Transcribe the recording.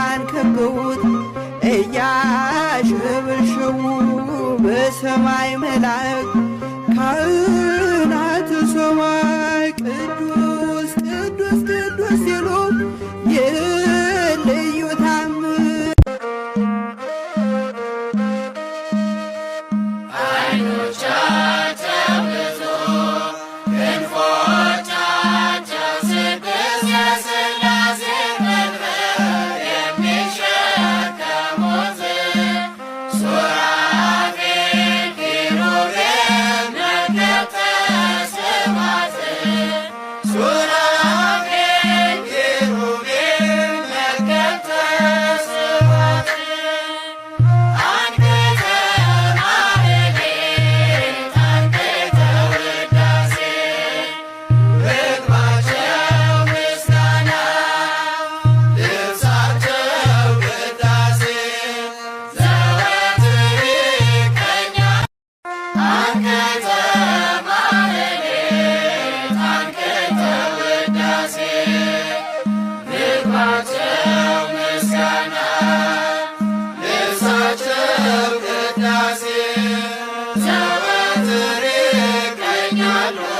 ብርሃን ከበውት እያሸበሸቡ በሰማይ መላእክ ካህናተ ሰማይ